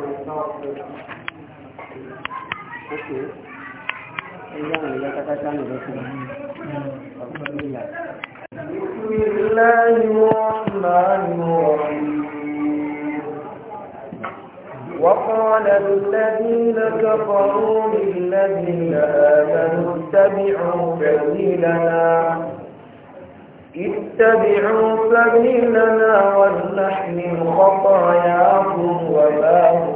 بسم الله الرحمن الرحيم وقال الذين كفروا للذين آمنوا اتبعوا سبيلنا اتبعوا سبيلنا ولنحمل خطاياكم وما هم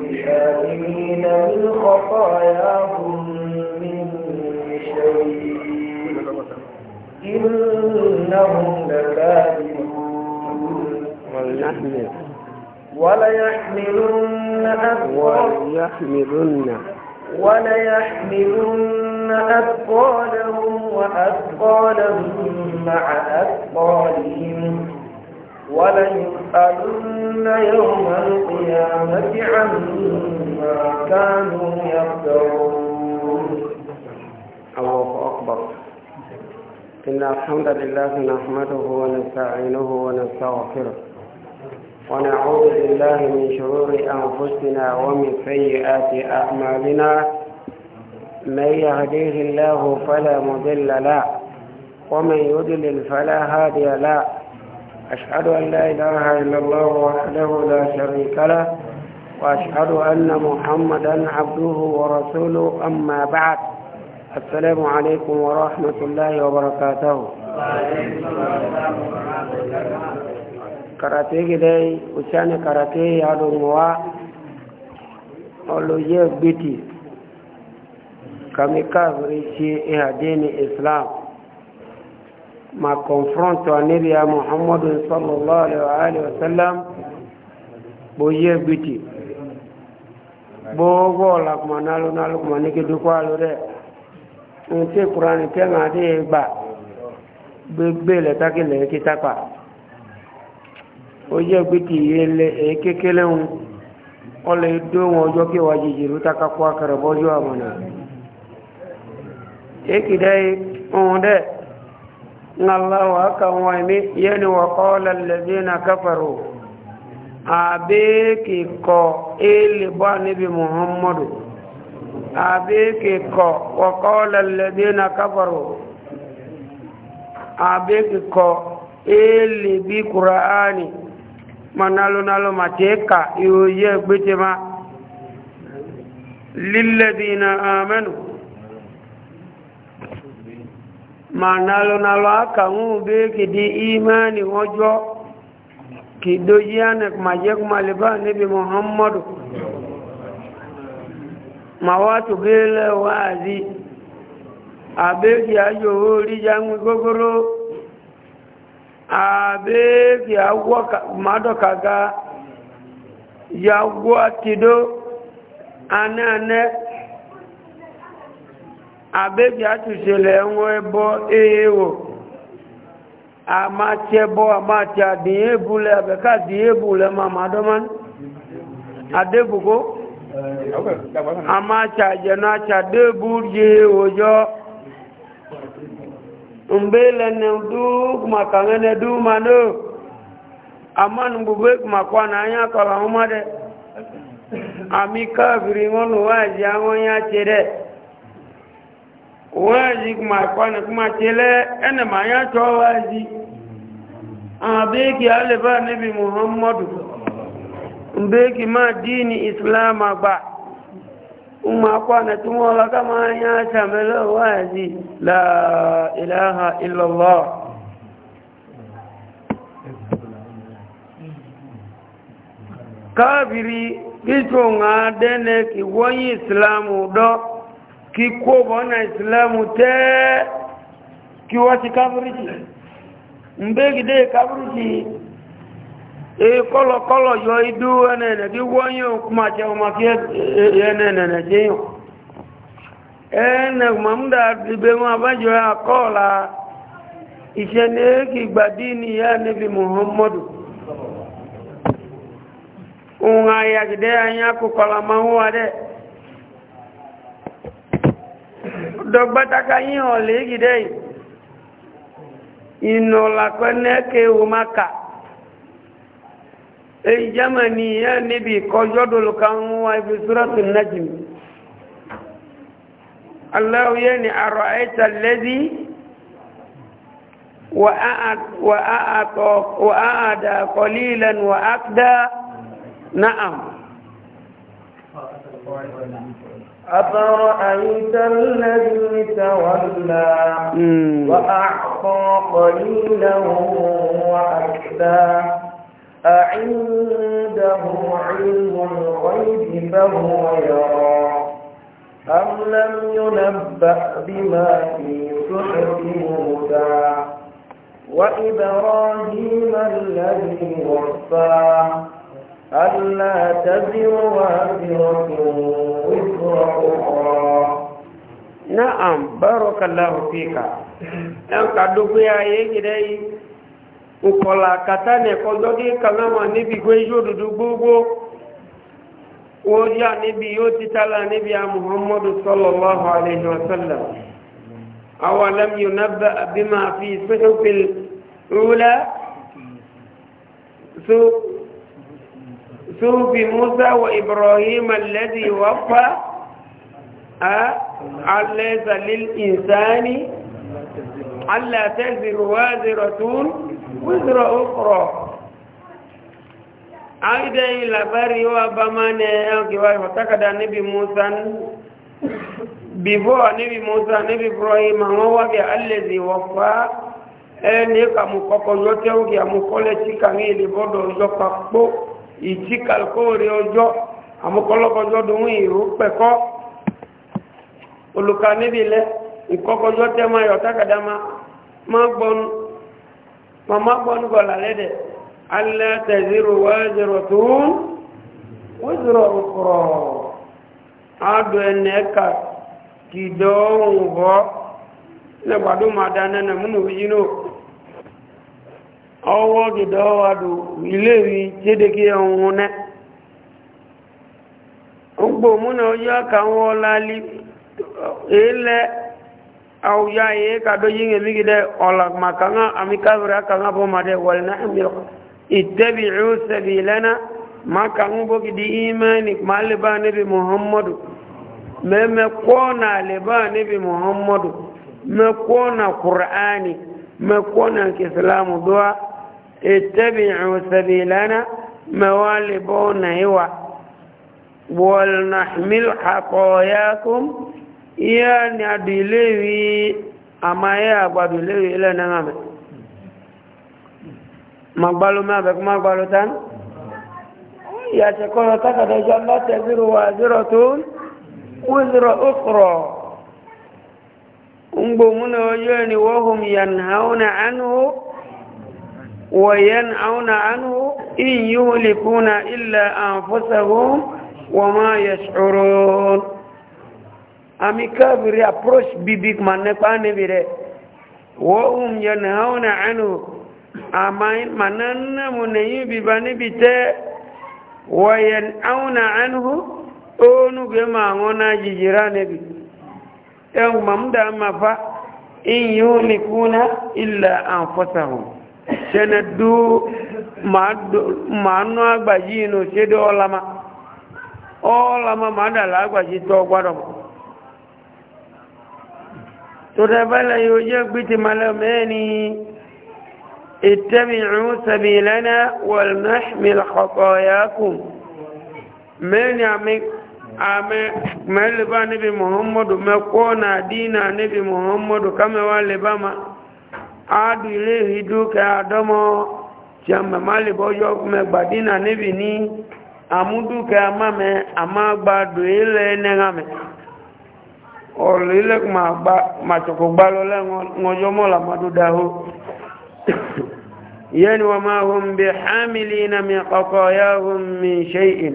بحاملين من خطاياكم من شيء إنهم لكاذبون وليحملن أثقالهم وليحملن أثقالهم وأثقالهم مع أثقالهم وليسألن يوم القيامة عما كانوا يفترون الله أكبر إن الحمد لله نحمده ونستعينه ونستغفره ونعوذ بالله من شرور أنفسنا ومن سيئات أعمالنا من يهديه الله فلا مضل له ومن يضلل فلا هادي له أشهد أن لا إله إلا الله وحده لا شريك له وأشهد أن محمدا عبده ورسوله أما بعد السلام عليكم ورحمة الله وبركاته داي وشان كراتيك يا ya أولو جيب بيتي kami kafiri ci iha dini islam ma confronto anibia muhammadu sallallahu alaihi wa sallam bo ye gbiti gbogbo lakuma nalu nalukuma niki dukwalu de nti kurani kẹŋa de gba gbegbe le taki le kitapa o ye gbiti yele ekekele ŋu ọlẹ do ŋu ọjọ kewa jijiri taka kó akarabọjọ amana. يكدي أوندا الله أكبر ويمي يعني وقال الذين كفروا أبيك كو إلي بني محمد أبيك كو وقال الذين كفروا أبيك كو إلي بقرآني manalo nalo mateka yoye gbetema lilladina amanu manalo nalo aka ngube kidi imani hojo kidoji ane kumaje kumaliba nabi muhammadu mawatu gele wazi abeki ajo ori jangu gogoro abeki agwa mado kaga yagwa tido abeji atụsele nwe bo ewo amache bo amache adịghị ebule abeka adịghị ebule ma madoman adebugo amacha jenacha adebu ji ojo mgbe lene ndu maka ngene du mano amanu gbogbo kumakwa na anya kọla ụmụ dị amị kafiri nwa n'ụwa ya chere wazi kuma kwana kuma tele ene maya to wazi abeki aleba nabi muhammadu mbeki ma dini islam ba umma kwana tumola kama ya samelo wazi la ilaha illa allah kafiri kichwa ngadene kiwonyi islamu do kí kó bọ́nà ìsìlẹ́mù tẹ́ kí wọ́n ti káfíríjì ń bẹ́gidé káfíríjì èyí kọ́lọ̀kọ́lọ̀ yọ idú ẹnẹ̀ẹ̀nẹ̀ kí wọ́n yóò kúmà jẹ́ ọmọ kí ẹnẹ̀ẹ̀nẹ̀ jẹ́ yàn ẹnẹ̀ mọ̀múdà ìgbẹ́ wọn abájọ òun ayàgídẹ́ ayé máa ń wà dẹ́ dɔgbɔtaka yi hɔn le yi ɖe inɔ la kɔ ne ke woma ka eyi germany yɛ nibi kɔjɔ do lo ka ŋu wa ibi sura tu na jim ni arɔ ayeta lɛbi wa a wa a atɔ wa a ada kɔlilan أفرأيت الذي تولى وأعطى قليلا وأكدا أعنده علم الغيب فهو يرى أم لم ينبأ بما في سحر موسى وإبراهيم الذي وفى ألا تزر وازرة وزر أخرى na'am barakallahu fika dan ka dugu ya ye gidai ukola kata ne ko dogi kama ma ni bi gwe jo dudu gugu o ya ni bi yo titala ni bi muhammadu sallallahu alaihi wasallam aw lam yunabba bima fi suhufil ula su صوف موسى وإبراهيم الذي وفى أليس للإنسان ألا تزر وازرة وزر أخرى أيضا إلى باري وبمان أنكوا فتكد نبي موسى before نبي مُوسَى نبي إبراهيم هو الَّذِي وفى ẹni kàmùkọkọ yọtẹ́wò kí àmùkọ́lẹ̀ tí kàmí ìlébọ́dọ̀ yọpa pọ́ ìtí kàlùkóòrè ọjọ́ àmúkọ́lọ́kọjọ́ dùnún ìró pẹ̀kọ́ olùkà níbi ilẹ̀ ìkọ́kọjọ́ tẹ́mọ ayọ̀ tákàdá máa gbọ́nu màmá gbọ́nu gọ̀là lẹ́dẹ̀ alẹ́ tẹ̀síro wẹ́ẹ́sìrò tó ń wẹ́ẹ́sìrò ọ̀kọ̀rọ̀ adùn ẹ̀nẹ́ kà kìdọ́ òun bọ́ lẹ́gbàdúmọ̀ adánẹ́nà múnú yìí náà. ọwọ́ dìdọ́ wádò ilé-ìwé jédèkì ẹ̀hùn náà ń gbò múnà ọjọ́ àkàwọ́ lálí ilẹ̀ àwùyá èé kàdó yí ní ẹ̀mígidẹ́ ọ̀làmàkàná àmìkàbìrì àkàwọ́ àbọ̀màdẹ wà náà mẹ́kọ́ na kùránì mẹ́kọ́ na kìsìlámù duwá اتبعوا سبيلنا موالبون هوى ولنحمل حقاياكم يا نبيلي أما يا بابلي إلى ما مقبلوا ما بك مقبلوا تان يا تقول تكاد جل تزر وزرة وزر أخرى أمبو من وجهني وهم ينهون عنه وينعون عنه إن يهلكون إلا أنفسهم وما يشعرون أمي كافر approach بيبيك ما نقاني بيري وهم ينهون عنه أمين منن مني بباني بيتي وينعون عنه أونو كما أنا جيراني بي أو ممدى ما فا إن يهلكون إلا أنفسهم sene du ma nụ agbaji na ochedo ọlama ọlama ma adala agbaji tọ gwarọ tụtabala ya oje gbiti malameni اتبعوا سبيلنا ولنحمل خطاياكم من يعمل ame meliba nabi muhammadu mekona dina nabi muhammadu kama wale bama adìlé ìdúkẹ́ àdọ́mọ́ tí a mẹ́má lè bọ́jọ́ mẹ́gbàdínà níbi ní àmúdúkẹ́ amámẹ́ àmágbàdò ilẹ̀ ẹnẹ́rámẹ́ ọ̀rọ̀ màtọ̀kọ̀ gbá lọ lẹ́wọ́njọ́ mọ́là mọ́dúdáhó yẹni wọ́n máa hùn bí hàmìlì iná mi kọ̀kọ̀ ya hùn mi ṣe ìn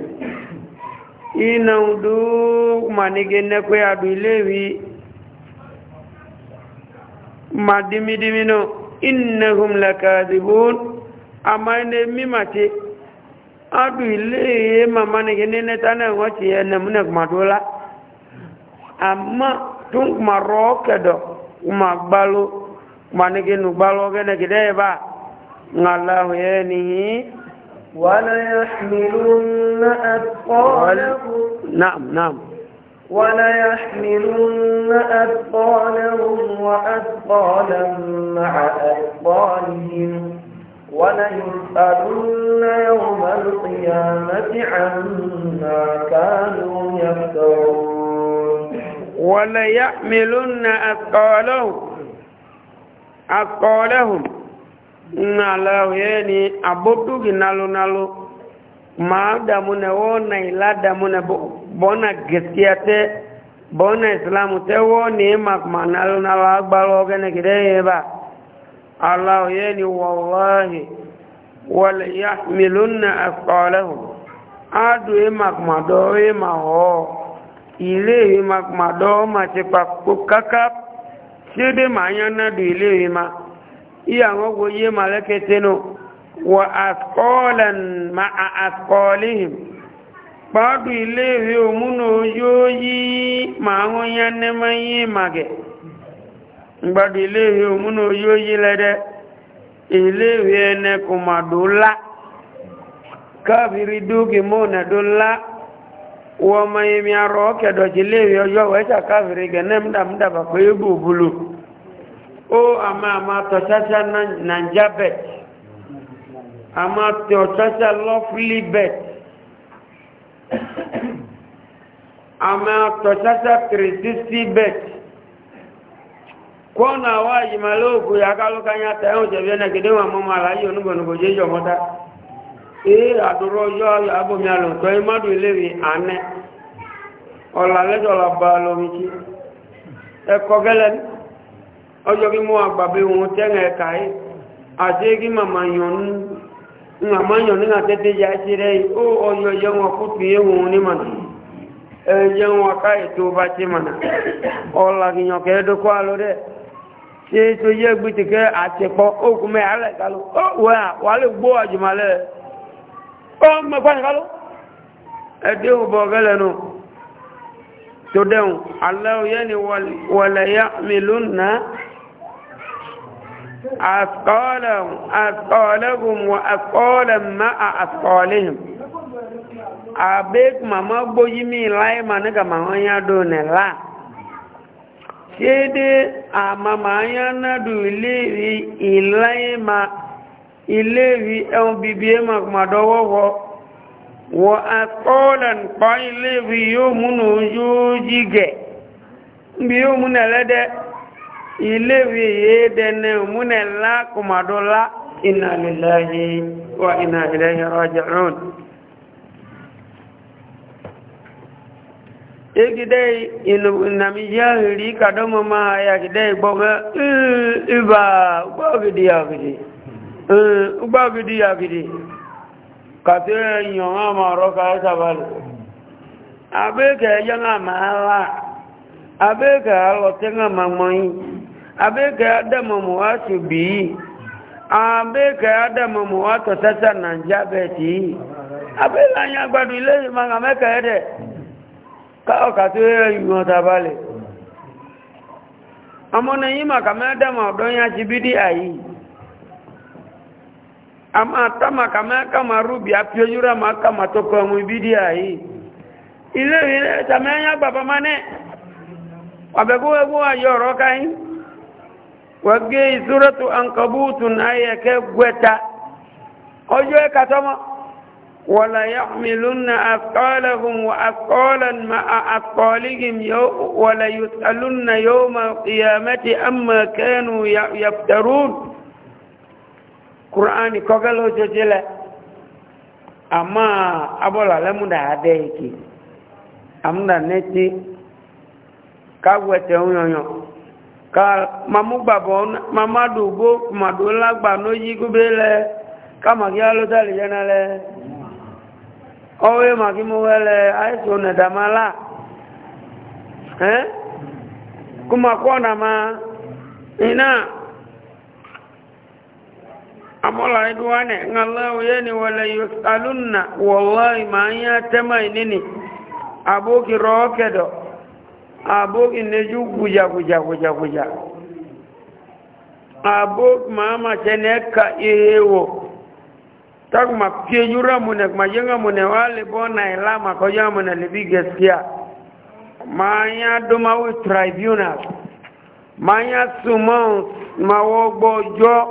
iná dúkùmà nígẹ́ nẹ́kọ́ ma dimi dimi no innahum lakadibun amane mimate adu ile mama ne nene tana wati ene mune kumadola amma tun kuma roke do kuma gbalo kuma ne genu gbalo gene gide ba ngallahu yanihi wala yahmilunna atqalakum na'am na'am وليحملن أثقالهم وأثقالا مع أثقالهم وليسألن يوم القيامة عما كانوا يفترون وليحملن أثقالهم أثقالهم نالو يعني أبدو نالو نالو maadamu ne iladamu ne bona gaskiya te bona islamu te woni na yeni wallahi wal afqalahum adu e mak mado ho ile e mak mado ma ti pa ma du ile ma iya wa àkọọ́lẹ̀ ma àkọọ́lẹ́hìn pàádù ilé ìwé òmúnà yóò yí màá ń yá nẹ́mọ́ yí màgẹ̀ gbàdù ilé ìwé òmúnà yóò yí lẹ́dẹ́ ilé ìwé ẹnẹ kò mà dó lá káàbìrì dúkì mọ́nà dó lá wọ́n ma yẹ mi arọ kẹ̀dọ̀jì ilé ìwé ọjọ́ wẹ́ṣà káàbìrì gẹ̀nẹ́ mdàmdàbà pé bùbùlù ó àmà àmà tọ̀ṣáṣá nàìjábẹ̀tì a máa tẹ ọ̀tọ́ta lọ́fílì bẹ̀t a máa tọ̀tọ́ta kìrìsìsì bẹ̀t kọ́ na wá ìmàlẹ́ òkú ya kálùkà ní àtẹ ẹ̀hùn tẹ̀bí ẹ̀nà kìdí wọn mọ́mọ́ aláyé onígbònúgbò jẹ́ ìjọ mọ́ta èyí àdúró yọ abomi àlòtọ́ yìí mọ́dún ilé mi àná ọ̀là lẹ́jọ́ la ba lomi tí ẹ kọ́ gẹ́lẹ́ ọjọ́ kí mú àgbà bí wọn tẹ́ ẹ̀ka yìí àti kí màmá yọ̀ nù. nga manyo ni nga tete ya chirei o oyo yongo kutu yewu ni mana e yongo kai e tu ba chi mana ola ginyo ke do kwa lo de se to ye gbiti ke a ati po o ku me ale kalu o wa wa le gbo ajumale o me kwa ni kalu e de u bo gele no to de un allah yani wal wala ya'miluna أثقالهم أثقالهم وأثقالا مع أثقالهم abek mama gboyi mi lai mani ka mama ya do ne la sede a mama ya na du ileri ilai ma ma kuma dọwọ wọ wọ akọọlẹ nkpa ileri yóò múnu yóò jí gẹ yóò iléèwé yìí dẹni múnẹ̀lá kùmàdọ́lá iná lèláyé wà iná iléyé rọ́jẹ̀ rún ikide inami yahiri ma yakide gbogbo eh, iba ugbagidi yakidi eh, ugbagidi yakidi kàtí èèyàn máa ma rọ́ka ẹ́sàbálẹ̀ abẹ́kẹ̀ẹ́ yẹ́ máa máa láà abẹ́kẹ̀ẹ́ abeka adama muwatu bi abeka adama muwatu sasa na njabeti abela nya gbadu ile manga meka ede ka okatu yimo tabale amona yima kama adama odonya chibidi ayi ama tama kama kama rubi apio yura maka matoko mu bidi ayi ile ile tamenya baba mane wabego ego ayoro kai wage suratu ankabutun aya ke gweta ojo e katoma wala yahmilunna afqalahum wa afqalan ma'a afqalihim wala yusalunna yawma qiyamati amma kanu yaftarun qur'ani kogalo jojele amma abola lemunda adeiki amna neti kagwete unyoyo ka mamu gbàbọ mama dògbó kùmàdó ńlá gbà ní oyí gúbé lẹ ká màá kí alóta lè jẹna lẹ ọwọ́ màá kí mo wẹ lẹ àìsàn nẹ̀dà má là ẹ́ kùmàkọ́ ọ̀nà má iná amọ́là ẹ̀dùn wá nẹ̀ ń alẹ́ òye ni wọ́n lẹ yóò alúnà wọ́lọ́ ìmáyé tẹ́mà ìnínì àbókìrọ̀ ọ́kẹ̀dọ̀ abok ineju guja guja guja guja Abog mama cheneka ihewo tak ma piyura mune ma yenga mune wale bona ilama ko yenga mune libige sia manya doma we tribunal manya sumo mawogbojo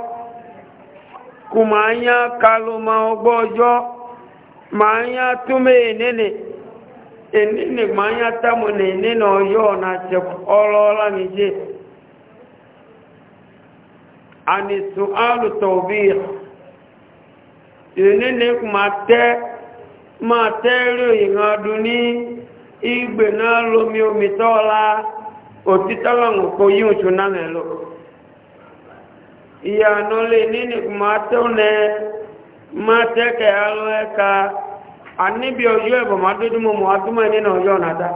kumanya kalu mawogbojo manya tume nene enene manya tamu na enene oyo na chekwala nije ani sualu tawbih enene kuma te ma te rio ina duni igbe na lo mi omi tola otitala ngoko yi ochu na melo ya no le nene kuma te ne ma te ke alo eka anibi ọjọ́ ẹ̀bọ̀ máa dójú mọ́ mọ́ agúnmọ́ nínú ọjọ́ ọ̀nàdá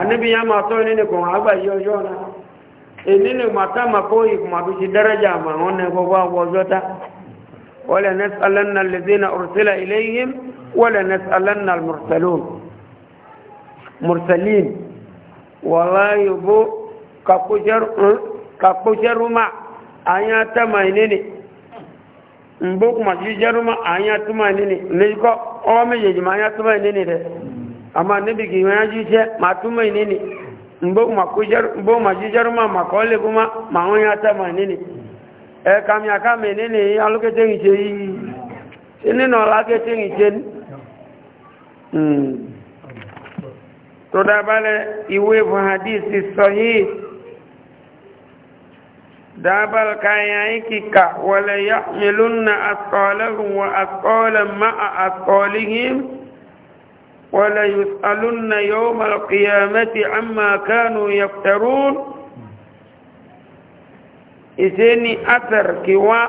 anibi ya máa tọ́ nínú kò àgbà yí ọjọ́ ọ̀nàdá ènínú màtá máa kó ìkùnmàbí ti dẹ́rẹ́jà àmàwọn ní gbogbo àwọ ọjọ́ ta wọ́n lẹ́nẹ́ alẹ́nà lẹ́dínà ilé yìí wọ́n lẹ́nẹ́ alẹ́nà mùrùsẹ̀lín wọ́lá ọwọ́ méjèèjì ma yá túnmọ̀ ìní rẹ̀ àmà níbi kì í wọ́n yájú iṣẹ́ máa túnmọ̀ ìní ma jíjẹ́rú máa ma kọ́ lè gúnmá máa wọ́n yá tẹ́mọ̀ ìní ni ẹ kàmì àkàmì ìní ni na hadith sọ دابل كايايك ولا يحملن أثقالهم وأثقالا مع أثقالهم ولا يسألن يوم القيامة عما كانوا يفترون إذن أثر كوا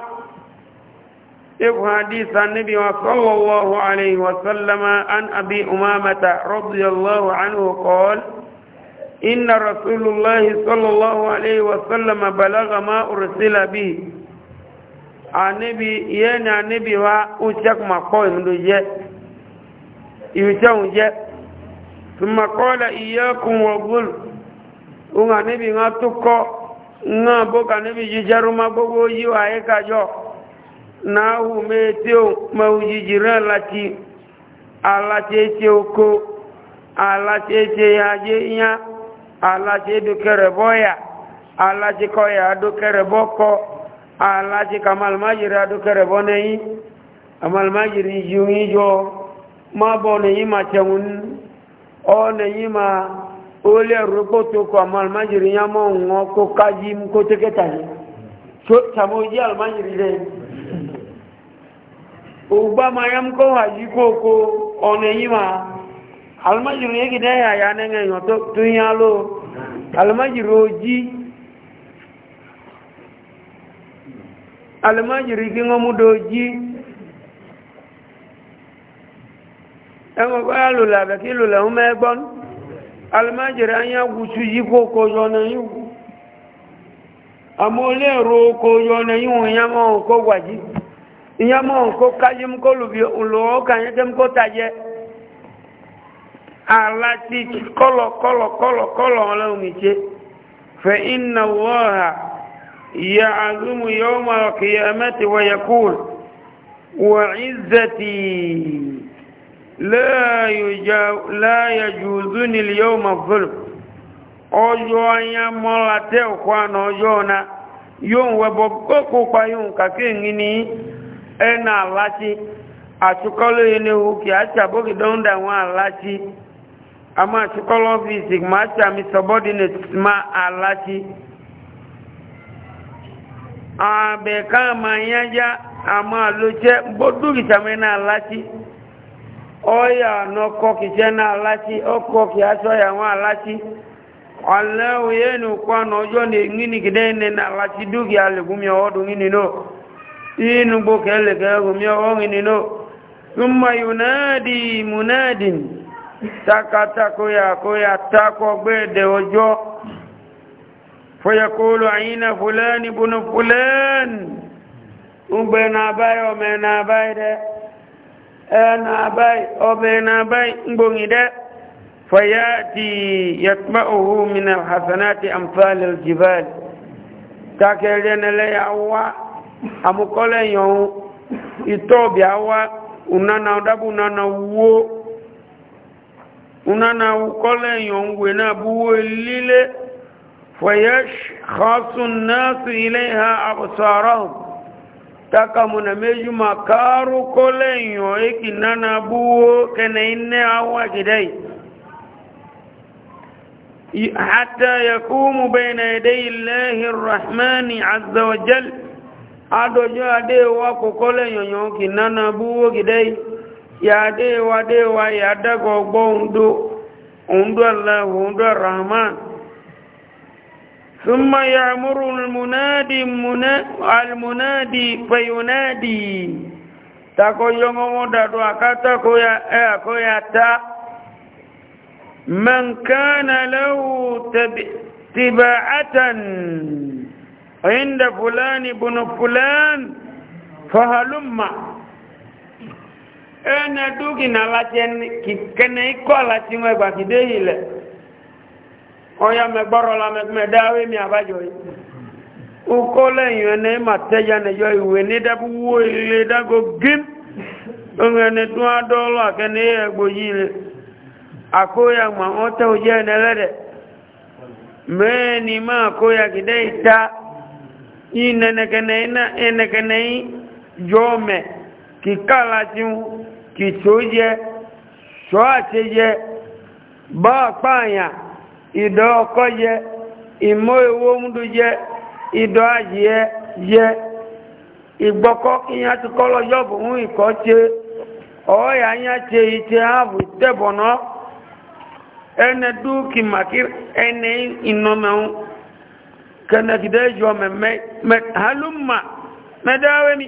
إبو حديث النبي صلى الله عليه وسلم عن أبي أمامة رضي الله عنه قال إن رسول الله صلى الله عليه وسلم بلغ ما أرسل به ni anabi wa ó jẹ́ kó ma kọ́ ìmú ló jẹ́ ìrìṣẹ́ òun jẹ́ tuma kọ́lá ìyẹ́kùn wọ̀gbọ́n òun anabi wọn tó kọ́ gbogbo yí wa ma ala alaji dukere boya alaji koya dukere boko alaji kamal majira dukere boneyi amal majiri yungi jo ma boneyi ma chengun o neyi ma ole rupo to ko amal majiri yamo ngo ko kaji ko teketa ni so tamoji al majiri de ugba ma yam ko haji koko oneyi ma almajiru yegi de ya ya ne ngeyo to tunya lo almajiru oji almajiru ki ngomu do oji ẹmọ kọ́ alùlà àbẹ̀kí lùlà ń mẹ́gbọ́n almajiru anya gùsù yí kókó yọ na yi àmọ́ ro na mú kó lùbí olùwọ́ tẹ́ mú kó alati kọlọ kọlọ kọlọ kọlọ ọlọ́mìtse fẹ iná wọ́ha ya azumu yau mara wa ya wa izzati láyà jùzú nílì yau ma fúrù ọjọ́ anya mọ́la tẹ́ ọkwa na ọjọ́ na yóò wẹbọ kókò alati ama chukolo physic macha mi subordinate ma alati abe kama yaja ama loche bodu na alati oya noko na alati oko kiaso ya wa alati allahu yenu kwa nojo ni ngini kidene na alati dugi alegumi odu ngini no inu bokele ke gumi odu ngini no thumma yunadi munadin ya koya tako gbede ojo fayakulu aina fulani bunu fulan ugbe na abai ome na abai de e na abai ome na abai ngbongi de fayati yatma'uhu min alhasanati amthal aljibal takelenele yawa amukole yon bi awa unana odabu unana wuo. unana ukole yongwe na buwe lile fayashkhasu an-nas ilayha absarahum takamuna meju makaru kole yo ikinana buwo kene inne awa kidai حتى يقوم بين يدي الله الرحمن عز وجل أدو جاء دي واكو كل يونيوكي نانا بوو كدي yàdé wa dé wa yàdàgọ̀ gbọ́ ǹdó ǹdó aláhù ǹdó rahman ثم يعمر المنادي المنادي فينادي tako yongo moda do akata ko ya eh, ko ya ta man kana lahu tiba'atan inda fulani ibn fulan fahalumma ẹnẹ dúkì náà láti ẹni kìkẹ́nẹ́ ikọ́ láti mọ ẹgbà kìdé yìí lẹ̀ ọya mẹgbọ́rọ̀ la mẹgbẹ́dá awé mi àbájọ yìí ukọ́ lẹ́yìn ẹni mà tẹ́jà nẹjọ ìwé ní dábú wó ilé dágó gín ẹni tún adọ́lọ́ àkẹ́ni ẹgbò yìí lẹ̀ àkóyà mà wọ́n tẹ́ òjì ẹni ẹlẹ́dẹ̀ mẹ́ẹ̀ni máa kóyà kìdé ìta yìí nẹnẹkẹ́nẹ́ yìí yọ mẹ́ẹ̀. kìkàlá tí ń kìtò jẹ ṣọ́ àti jẹ bá pààyàn ìdọ́ ọkọ́ jẹ ìmọ́ ewó múdú jẹ ìdọ́ àjíẹ́ jẹ ìgbọ́kọ́ kíyàn ti kọ́ lọ́jọ́ bò ń ìkọ́ ṣe ọ̀ọ́yà yẹn ṣe ìṣe ààbò ìtẹ̀bọ̀nà ẹnẹ dúkì màkì ẹnẹ ìnọmẹ̀hún kẹnẹkìdẹ́ yọ mẹ́mẹ́ halumma mẹ́dáwẹ́ni.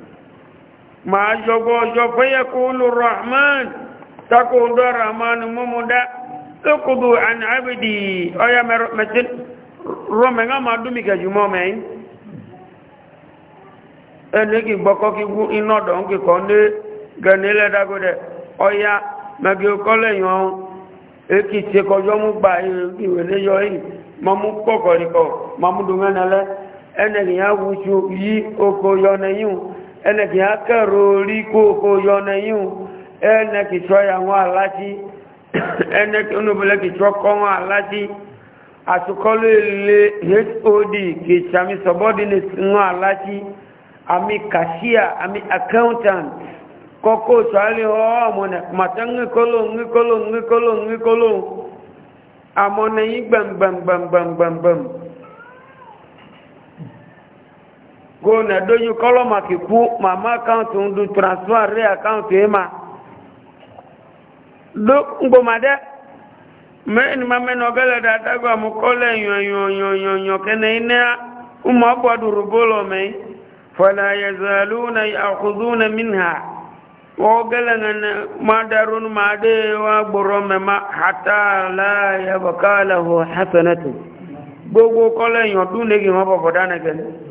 ma jọgbọ́ ọjọ́ fẹ́yẹ kó lò rahman tako ọdọ́ rahman mọ́mọ́dá lókùdù àni àbìdì ọya mẹ́tí rọmẹ́ ńá máa dúmì kẹjù mọ́ mẹ́yìn ẹni kì gbọ́kọ́ kí gún iná dọ̀ ń kíkọ́ ní gẹ̀nilẹ́ ọya mẹ́gí tí kọjọ́ mú gbà ìwé yìí mọ́ mú mọ́ mú dùn mẹ́nẹ́lẹ́ ẹnẹ̀kì akẹ́rò orí kóòkó yọnà yíò ẹnẹ̀kì tọ́ àwọn aláti ẹnẹ̀kì onúbẹ̀lẹ́kì tọ́ kọ́ aláti àtúkọ́lù ilé hod kìsàmì subordinate wọn aláti àmì kàṣíà go na doju kolo makiku mama account ndu transfer re account ema do ngbo ma da da go mu kole umma rubolo me yazaluna ya'khuduna minha ngana wa me ma hatta la hasanatu gogo kole du ne gi gele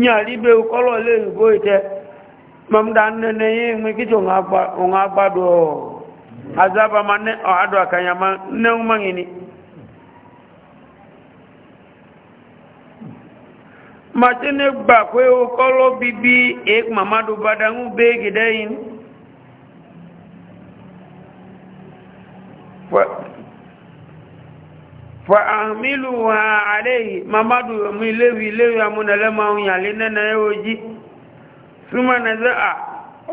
nyàríbe kọ́lọ̀ lè ìgbó ìtẹ́ mọ́mdá nẹ́nẹ́ yìí mú kí tí òun agbádò azába ma ní ọ̀hádọ̀ àkànyà ma nẹ́hùn mọ́ ni màtí ní bibi pé ó kọ́lọ̀ bada èk mamadu badangu fa'amilu ha alaihi mamadu mu lewi lewi amuna lama yale nana yoji suma nazaa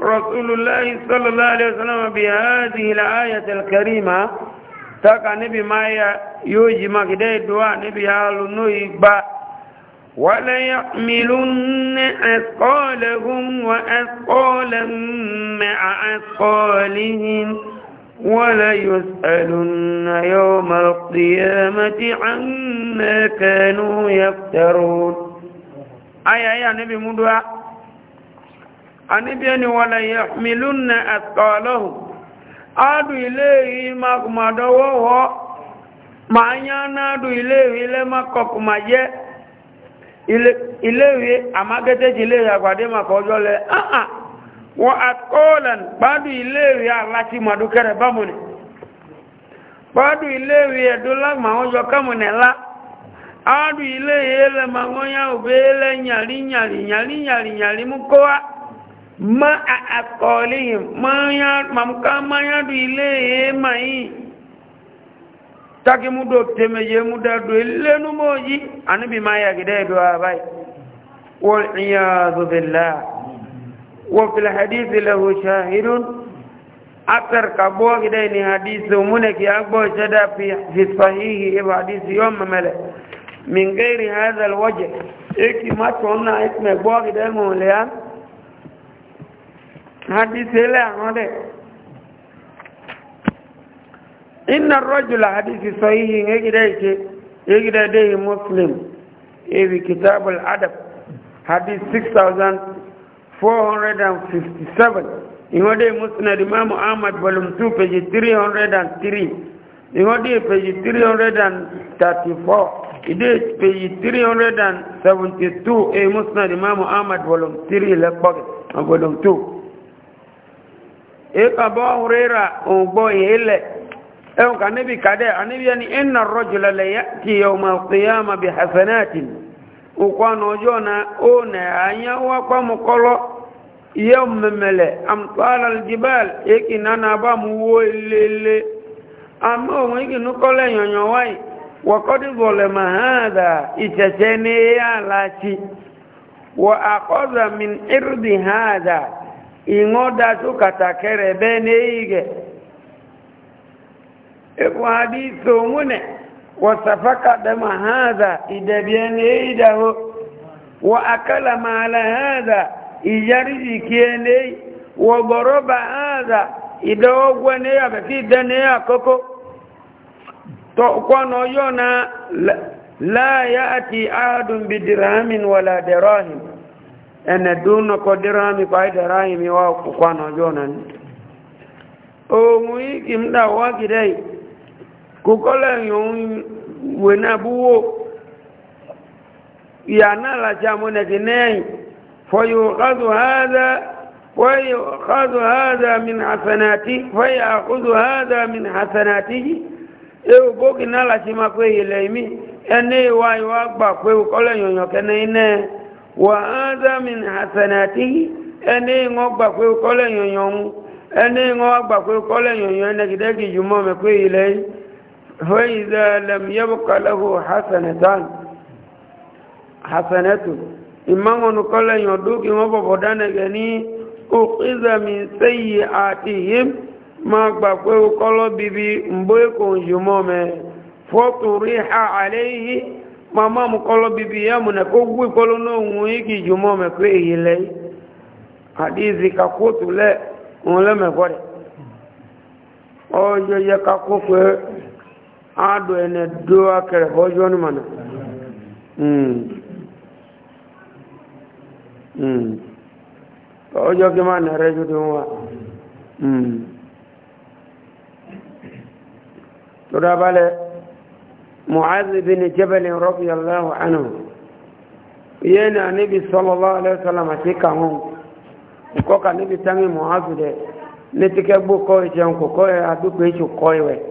rasulullah sallallahu alaihi wasallam bi hadhihi al-ayat al-karima taka nabi maya yoji makide dua nabi halu وليسألن يوم القيامة عما كانوا يفترون آية يا نبي مدعى أنبيني ولا يحملن أثقالهم adu ilehi makumadowowo ma anya na adu ilehi ile makokumaye ilehi amageteji ilehi agwade maka ọjọ́ lẹ ah ah wọ́n àkọọ́lẹ̀n pàdù iléèwé aláti mọ̀dúkẹrẹ bámúnẹ̀ pàdù iléèwé ẹ̀dọ́lágbà wọ́n jọ kámúnẹ̀ lá àádù iléèwé ẹlẹ́mà wọ́n yá òbé ẹlẹ́ nyàrí nyàrí nyàrí nyàrí nyàrí mú kó wá má àkọọ́lẹ́yìn mọ̀ká máyádù iléèwé máyì tákì mú dò tèmẹ̀yẹ mú dàdù ẹlẹ́nu mọ́ yí àníbì máyà gidẹ́ ìdọ́ àbáyì wọ́n ìyá وفي الحديث له شاهد أكثر كبوه دين حديث ومنك أكبر شدا في في الصحيح حديث يوم ملك من غير هذا الوجه إكي ما تقولنا إكما كبوه دين موليا حديث لا هذا إن الرجل حديث صحيح يجد يجد مسلم في كتاب الأدب حديث 6000 457 ingode musnad imam ahmad volume 2 page 303 ingode page 334 ide page 372 e eh, musnad imam ahmad volume 3 lekpɔge eh, volume 2 e ka bɔ hurera ŋgbɔ ye lɛ ɛn ka nebi kadɛ anibi yani inna rɔjula la yati yawma qiyama bi hasanatin ụkwanụ ọjọọ na o na anya wakpa m kọlọ ihe mmemele amtara aljibal eki na na-aba m wuo ilele ama onwe gị nụkọla enyonyo nwanyị wakọdị bọle ma ha da icheche n'ihe alachi wa akọza min irdi ha da ịṅụdatụ katakere ebe n'ehige ebu hadith onwune وسفك دم هذا إذا بين إيده وأكل مال هذا إجاري كيني وضرب هذا إذا وغني أبكي دنيا كوكو تقوان يونا لا يأتي أحد بدرهم ولا دراهم أن دون قدرهم قاي دراهم وقوان يونا أمي كم دا واكي kò kọ́lẹ̀ yòówù wè náà búwò ìyá náà láti amúnẹ̀tì nẹ́yìn fọyò kádù hádà fọyò kádù hádà min hasanati fọyà kúdù hádà min hasanati ewu bókì náà láti máa pé ìyẹlẹ̀ mi ẹni ìwà ìwà gbà pé kọ́lẹ̀ yòòyàn kẹ́ni iná wà hádà min hasanati ẹni ìwọ̀n gbà pé kọ́lẹ̀ yòòyàn ẹni ìwọ̀n gbà pé kọ́lẹ̀ hụ eyilele yaeafeneo ịmanwụ na ụkoleyk wa obodo a naegenzemteyi atahe ma gbakwe k mgbe koju pụọ tụrụ alhi aa kolbi ya mna kegwụ kpol n g ji pehile adịgzi ka k tole a oye yee ado ene doa kere bojo ni mana mm mm ojo ke mana rejo de wa mm to da bale muaz bin jabal radiyallahu anhu yana nabi sallallahu alaihi wasallam atika hon ko ka nabi tangi muaz de ne tike gbo ko je ko ko adu pe su ko iwe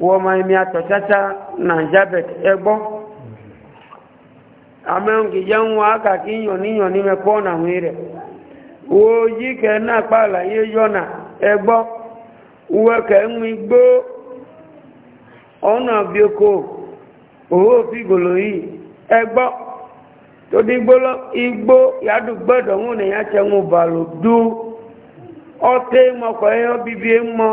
wọ́n máa ń mi àtọ̀ tata nàìjábẹ̀t ẹgbọ́ amẹ́hùnkì jẹun aka kí yànníyàn ní mẹ́kọ́ nàwín rẹ̀ wo yíkẹ́ náà pààlà yé yọ́nà ẹgbọ́ wọ́kẹ́ ń mi gbó ọ̀nà bí oko owó fi gòlò yìí ẹgbọ́ tó dígbó igbó yàdù gbọ́dọ̀ wọn nìyàn tẹ̀wọ̀n bàlù dú ọtẹ́ mọ́kọ̀ ẹ̀yọ́ bíbí mọ́.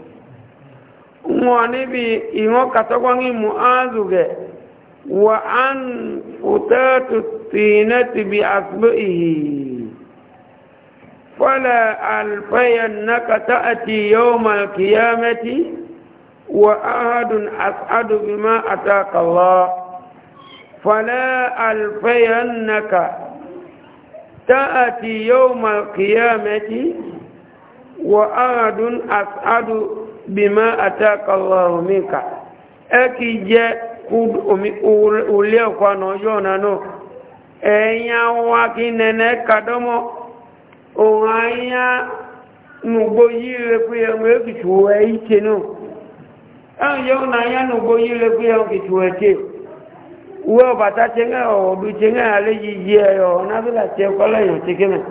wọn níbi ìwọ́n kàtọ́gbọ́n ìmú áàzùgẹ̀ wà án fòtẹ́ẹ̀tù tí iná ti bí àfibó ìhì fọ́lẹ̀ alfẹ́yẹ̀ nákàtà àti yóò malkiyamẹ́tì wà áhàdùn àtàdùbí má àtàkàlọ́ fọ́lẹ̀ alfẹ́yẹ̀ nákàtà àti yóò malkiyamẹ́tì wà áhàdùn àtàdùbí bima ataka allahu minka eki je ulio kwa nojo nano enya waki nene kadomo uanya nubo yile kuya mwe kituwe iti no enya unanya nubo yile kuya mwe kituwe iti uwe bata chenge obi chenge ale jijie yo na vila chekola yo chikene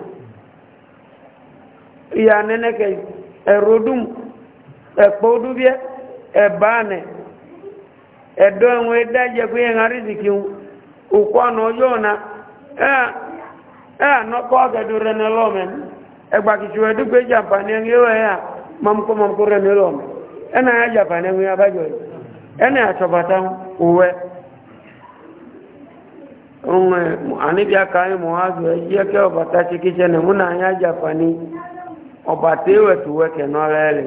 ya nene ke erudumu ẹ̀pọ̀ odúbíẹ́ ẹ̀bánẹ̀ ẹ̀dọ́ ẹ̀wọ̀n ẹ̀dájẹ́ pé ẹ̀hàn rìsìkì òkú ọ̀nà ọjọ́ ọ̀nà ẹ̀ànọ́kọ́ ọ̀gẹ̀dọ̀ rẹ̀ nílọ́mẹ̀ ẹgbàkìṣù ẹ̀dúgbé jàǹfààní ẹ̀hìn ẹ̀wọ̀ ẹ̀yà mọ́mkó mọ́mkó rẹ̀ nílọ́mẹ̀ ẹ̀nà ayá ena ẹ̀hìn abájọ́ yìí ẹ̀nà àtọ̀bàtà òwe àníbi akáyé mọ̀hásù ẹ̀yẹ́ kẹ́ ọ̀bàtà ṣe kíṣẹ́ nẹ̀múnà ayá jàǹfààní ọ̀bàtà ẹ̀wẹ̀ tùwẹ̀ kẹ̀ náà rẹ̀ lẹ̀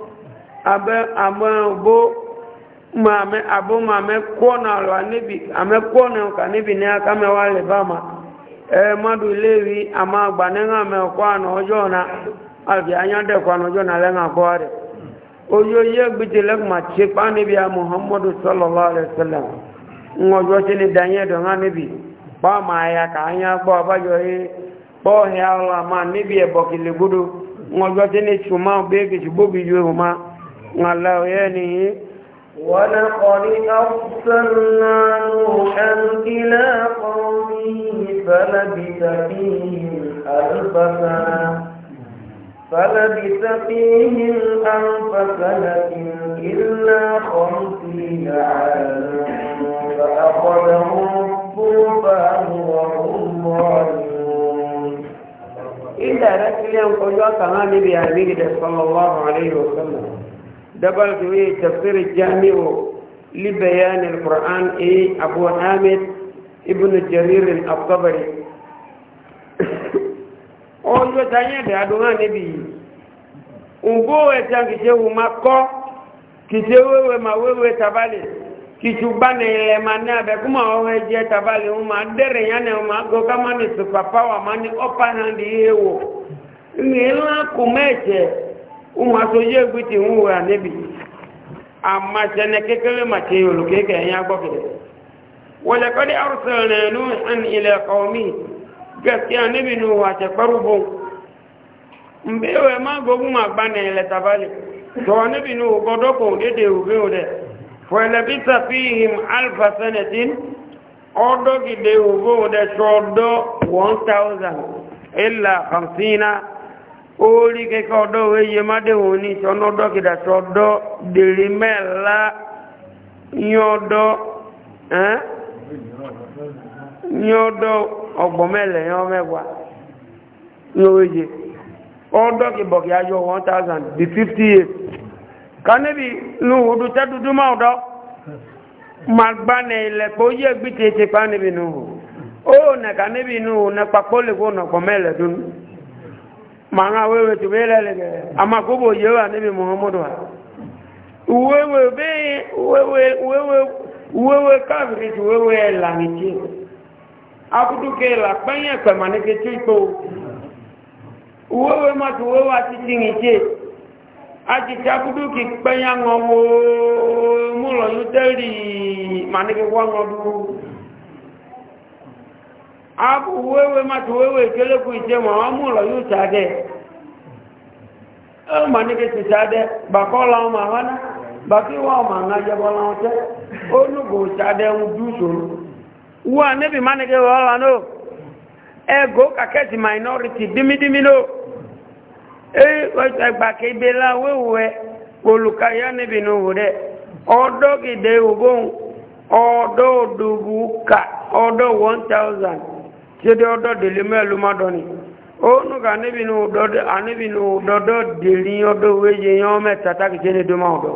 abe ame amebo mame abo mame na lo anibi ame kona ka nibi ne aka me wale bama e madu lewi ama agba ne nga me kwa no ojo na abi anya de kwa no ojo na le nga kwa re oyo ye gbiti le ma che pa nibi ya muhammadu sallallahu alaihi wasallam ngojo ti ni danye do nga nibi ba ma ya ka anya gbo abajo yi bo he ala ma nibi e bokile gudu ngojo ti ni chuma be ke chubobi yo ma الله يعني ولقد أرسلنا نوحا إلى قومه فلبث فيهم ألف سنة فلبث فيهم ألف سنة إلا خمسين عاما فأخذهم الطوفان وهم ظالمون إذا رسل ينقل كما النبي عليه صلى الله عليه وسلم دبل في تفسير الجامع لبيان القرآن إيه أبو حامد ابن جرير الطبري ọjọ́ tayẹ́ ẹ̀dẹ̀ àdúrà níbi yìí ǹgbó ẹ̀ta kìíṣẹ́ wù máa kọ́ kìíṣẹ́ wéwé máa wéwé tabalẹ̀ kìíṣù bá ní ilẹ̀ máa ní abẹ́kúmọ̀ ọ̀hẹ́ jẹ́ tabalẹ̀ wọn máa dẹ̀rẹ̀ yánà wọn máa gọ́gá máa ní superpower máa ní upper hand yíyẹ wò ní ńlá kò mẹ́ẹ̀jẹ̀ ụmụaka oji egbute nwe uwe anebi amachene kekere macha oluke ka enye agbọgide ولقد أرسلنا نوحا إلى قومه قلت يا نبي mgbe e wee ma gogu ma gbane le tabali to nabi nu godo ko dede ube fihim 1000 orí kẹ́kẹ́ ọ̀dọ́ òwe yẹ má dé òun ní ìṣọ́nà ọ̀dọ́ kìdàtí ọ̀dọ́ dèrè mẹ́ẹ̀lá yín ọ̀dọ́ yín ọ̀dọ́ ọgbọ̀n mẹ́lẹ̀ yín ọmẹ́wàá yín òwe yẹ ọ̀dọ́ kìbọ̀kì ayọ̀ one 1000, di fifty eight kánẹ́bì ní òdu tẹ́dúdú má ọ̀dọ́ máa gbá ní ilẹ̀ pé ó yẹ gbìtì ètè kánẹ́bì ní òhù ó nà kánẹ́bì ní òhù nà pàpọ̀ lè kó dúnú. màá wéwé tó bẹ́ẹ̀ lẹ́lẹ́gẹ̀ àmàkóbò yẹ́ wà níbi muhammadu wa wéwé bẹ́ẹ̀ wéwé káàkiri tó wéwé ẹ̀là nìtí akútúkẹ́ ẹ̀là pẹ́yẹ̀ pẹ̀mà ní kẹtí ìpò wéwé má tó wéwé àtìtì nìtí ma akútúkì pẹ́yẹ̀ ń abu wewe matu wewe kele kuisema wamulo yusade e, ma nike tisade bakola ma hana baki wa ma ngaja bola ote onu go sade uduso wa nebi manike wala no ego kaketi minority dimi dimi no e wa gba ke bela wewe oluka ya nebi no wore odo gide ugo odo dubuka odo 1000 sede ọdọ deli mẹlu ma dọni ka dọdọ dọdọ deli ọdọ weye yọn mẹ tata kìí ne duma ọdọ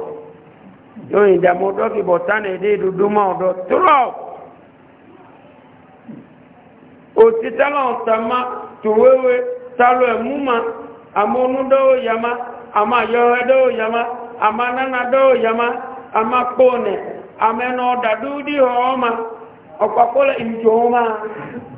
yóò yin ọdọ kì bọ tani duma ọdọ turọ òtítàlọ tàmá tòwéwé talọ ẹmúma amónúdọwọ yamá ama yọwẹ dọwọ nana dọwọ ama kpọnẹ di họ ọma ìjọ ọma.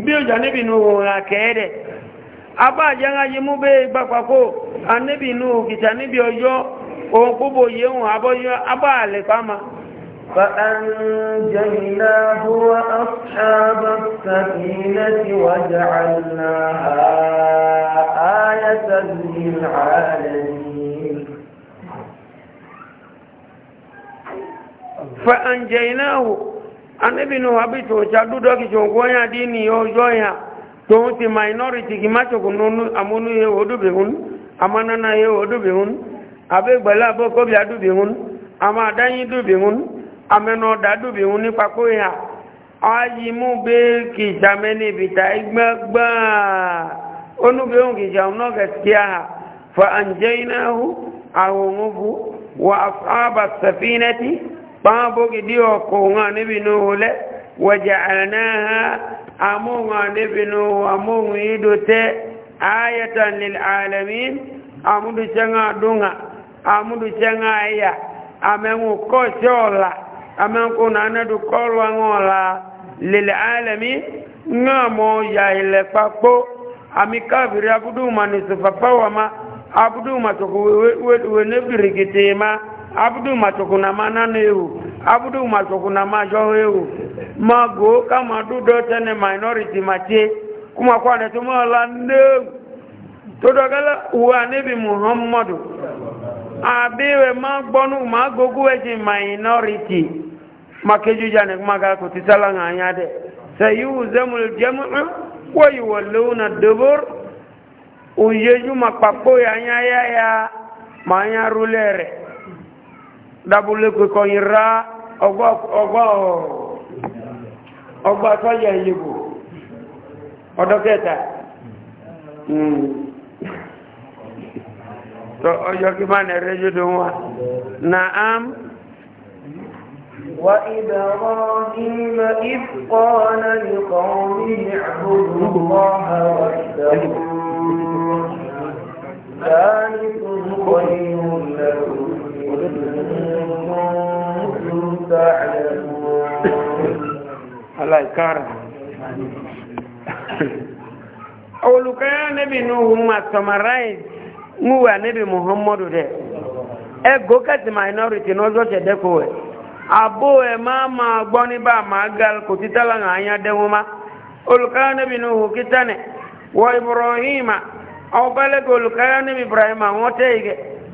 bí òjò níbi inú òòrùn àkẹ́ẹ̀dẹ̀ abá àjẹ́ráyé mú bẹ́ ìgbàpàkó aníbi inú òkìtà níbi ọjọ́ ohun púpọ̀ yéhùn abọ́yọ́ abá àlẹ̀ pàmà فأنجيناه وأصحاب السفينة وجعلناها anabi nu abi tun ca dudo ki tun gonya dini ojo ya tun ti minority ki macho kununu amunu ye odu bi hun amanana ye odu bi hun abe gbala bo ko bi adu bi hun ama danyi du bi hun ameno da du bi hun nipa ko ya ayi mu be ki jameni bi ta igbagba onu be hun ki ja no gaskiya fa anjaynahu ahumuhu wa ashab as ti pambo gidio ko ngane binu le waja'alnaha amunga nebinu amungu idote ayatan lil alamin amudu changa dunga amudu changa aya amengu kochola amengu nanadu kolwa ngola lil ya ile papo amikaviri abudu manisufa pawama abudu matokuwe nebirikitema we, we, we, abudu matokuna manana ewu abudu matokuna majo ewu mago kama dudo tene minority matie kuma kwa ne tuma la ne todogala wa nabi muhammadu abiwe magbonu magogu eji minority makeju jane kuma ga ko tisala nganya de sayuzamul jam'u wa yuwalluna dubur uyeju mapapo ya nyaya ya manya rulere dábúlé pẹ̀kọ́ yìí rá ọgbà tọ́yẹ̀ ìyẹ̀bò ọdọ́ kẹta hmm. ọjọ́ kí máa nẹ̀ rẹ́jọ́ tó wá na am وإبراهيم إذ قال لقومه اعبدوا الله واتقوه ذلكم خير لكم alaikara olùkọ́yà níbi nuhu ma summarize nwúwà níbi muhammadu dẹ ẹgbó kẹtì minority n'ọjọ́ ṣẹ̀dẹ́kọ̀ ẹ̀ àbó ẹ̀ máa máa gbọ́ níbà máa gal kò títà lánà àyà dẹ́wọ́n má olùkọ́yà níbi nuhu kítà nẹ̀ wọ ibrahima ọgbẹ́lẹ́gbẹ̀ olùkọ́yà níbi ibrahima wọ́n tẹ́ ìgẹ̀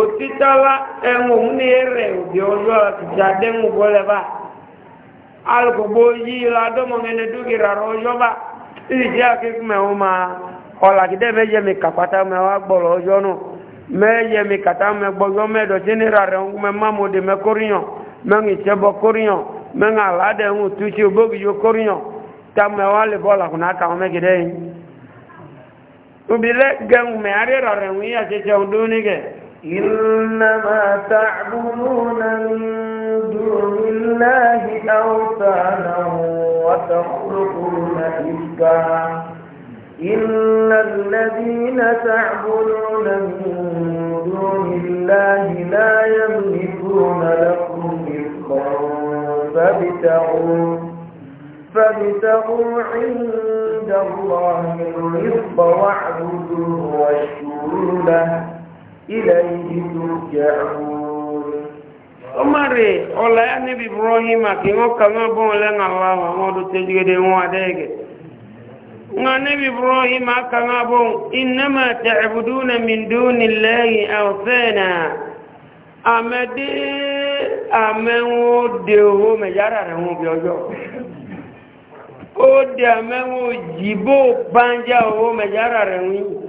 òtítọ́lá ẹ̀hùn ní rẹ̀ òbí ọjọ́ ìjàdẹ́hùn bọ́lẹ̀bá alùpùpù yí ládọ́mọ̀mẹ́ni dúkìrà ọjọ́ bá ìjẹ́ àkíkùnmẹ̀ ó máa ọ̀làkídẹ́ mẹ́yẹmí kàpátá mẹ́wàá gbọ́lọ̀ ọjọ́ náà mẹ́yẹmí kàtá mẹ́gbọ́jọ́ mẹ́dọ̀tí nira rẹ̀ ń mẹ́ mámòdì mẹ́ kóríyàn mẹ́rin ìṣẹ́bọ̀ kóríyàn mẹ́rin àládẹ́hùn túnṣe ògbógiyó kóríyàn tá mẹ́wàá lè bọ́ọ̀lù àkùnà àkàwọn mẹ́gidẹ́yìn. òbí lẹ́gẹ̀ẹ́hùn mẹ́ arẹ́rọ̀ rẹ̀ ń yíyà ṣẹṣẹ́ ọdún nígẹ̀ẹ́ إنما تعبدون من دون الله أوثانا وتخلقون إفكا إن الذين تعبدون من دون الله لا يملكون لكم رزقا فابتغوا فابتغوا عند الله الرزق واعبدوه واشكروا له إليه ترجعون omari ọla ya níbi ibrahim kí wọ́n kà wọ́n bọ́ ọlẹ́ ńà wà wọ́n ọdún tó jẹ́gẹ́dẹ́ wọn adẹ́gẹ́ ńà níbi ibrahim kà ọhịa bọ́ ináma tẹ̀ẹ̀bùdú na mìndú nílẹ́yìn àwọ̀fẹ́nà àmẹ́dé àmẹ́wọ́n dé owó jibo rẹ̀ wọ́n bí ọjọ́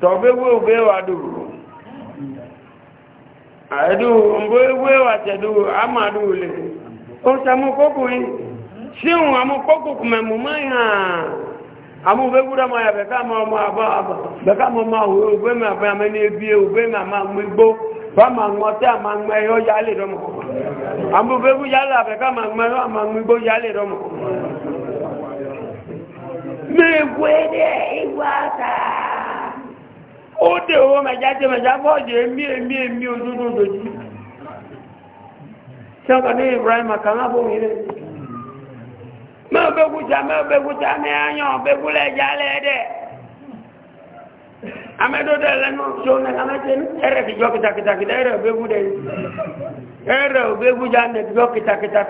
tọ̀gbégbé ògbé wà dùrù àìdù ògbégbé wà tẹ̀dù àmàdù lè ó sàmúkókù yìí síhùn àmúkókù mẹ̀mù mẹ́yà àmúgbégbúdá ma yà bẹ̀ká ma ọmọ àbá ya bẹ̀ká ma ma òwe ògbé mẹ́ àbá ma àmà àmà ó dè owó mẹjáde mẹjábọ́ọ̀dì èmí èmí èmí ojúdó dojú ṣọ́kọ̀ ní ibrahim àkàmà fún mi mẹ́ òbẹ́kúta mẹ́ na mẹ́ àyàn òbẹ́kúlẹ̀ jálẹ̀ dẹ̀ amẹ́dọ́dẹ̀ lẹ́nu ṣọ́nà amẹ́tẹ́ ẹ̀rẹ̀ fìjọ kìtàkìtà ẹ̀rẹ̀ òbẹ́kú ẹ̀rẹ̀ òbẹ́kú já nẹ̀fìjọ kìtàkìtà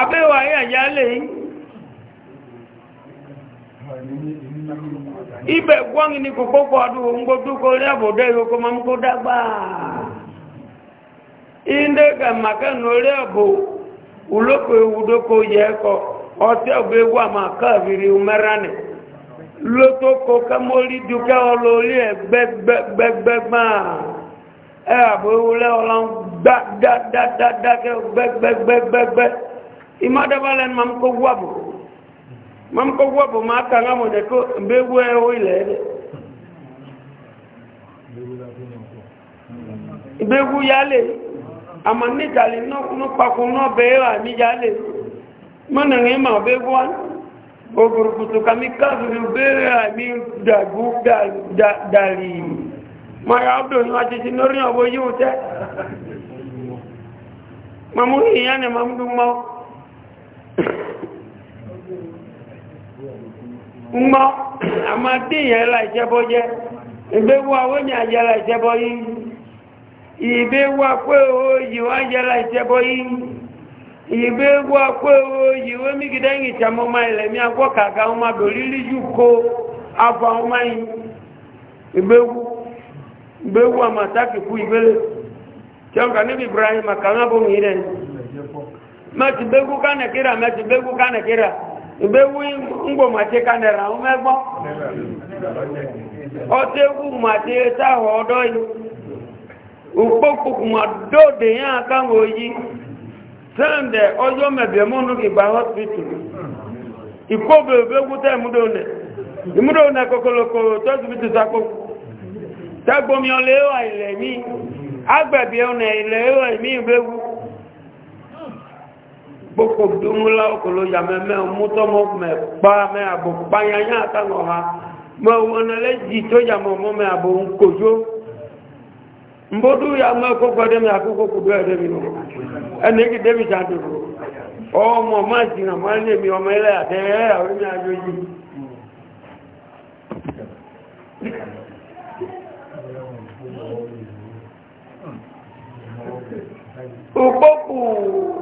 abẹ́wà yàyà lè ibẹ̀ gbọ́n ni kò kókò ọdún òǹgbòdúkọ ní àbòdó ìrókò máa ń kó dágbà ìndé gàmàkẹ́nù orí àbò ulóko ewudoko yẹ ẹkọ ọtẹ́ ọgbẹ́ ewu àmà lótókò dúkẹ́ ẹ̀ imadabalen mam ko wabu mam ko wabu ma kanga mo de ko mbewu e o ile de mbewu yale ama ni jali no no pa no be wa mi jale mana ngi ma be gwan o guru kutu kami ka du be wa mi da da da dali ma ya abdo no ati sinori obo yu te mamu iyane mamdu mo mgbọ́ àmàdíyàn láìjẹ́bọ́ jẹ́ ìgbéwà wọ́nyà jẹ́ láìjẹ́bọ́ yìí ìgbéwà pé òòyì wá jẹ́ láìjẹ́bọ́ yìí ìgbéwà pé òòyì wé mí gidẹ́yìn ilẹ̀ mi agbọ́ ọmọ àdòlílí jù kó afọ àwọn yìí ìgbéwù ìgbéwù àmàtàkì kú ìgbélé ìgbé wí ngbòmàtí kanẹ̀rà ń mẹ́gbọ́ ọtí kú màtí táwọ̀ ọdọ́ yìí òpópùkùnmà dóòdè yán akáwọ̀ yìí sẹ́ndẹ̀ ọjọ́ mẹ̀bẹ̀ mọ́nú ìgbà hospital ìkóbè òbégú tẹ́ ìmúdóòlẹ̀ ìmúdóòlẹ̀ mi gbogbo dumula okolo yame mɛ mutɔmɔ mɛ kpa mɛ abo kpanyanya atanɔ ha ya wɔna ọha dzi tso yame mɔ mɛ abo nkodzo nbodu yame koko ɖe mi akoko kudu ɛɖe mi o ɛnɛki ɖevi ta do ɔmɔ ma ma ne mi e, mi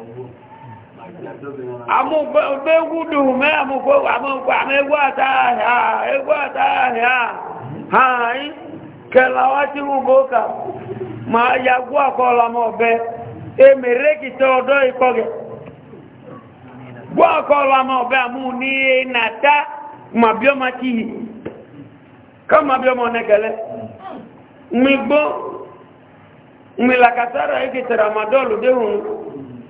amụegwu dume amegwu ata ahịa egwu ata ahịa ha anyị kelawachiwu bụ ụka ma ya gwu akọla m ọbe emere kịta ọdọ ịkpọ gị gwu amụ n'ihe na ma bịọma bịọma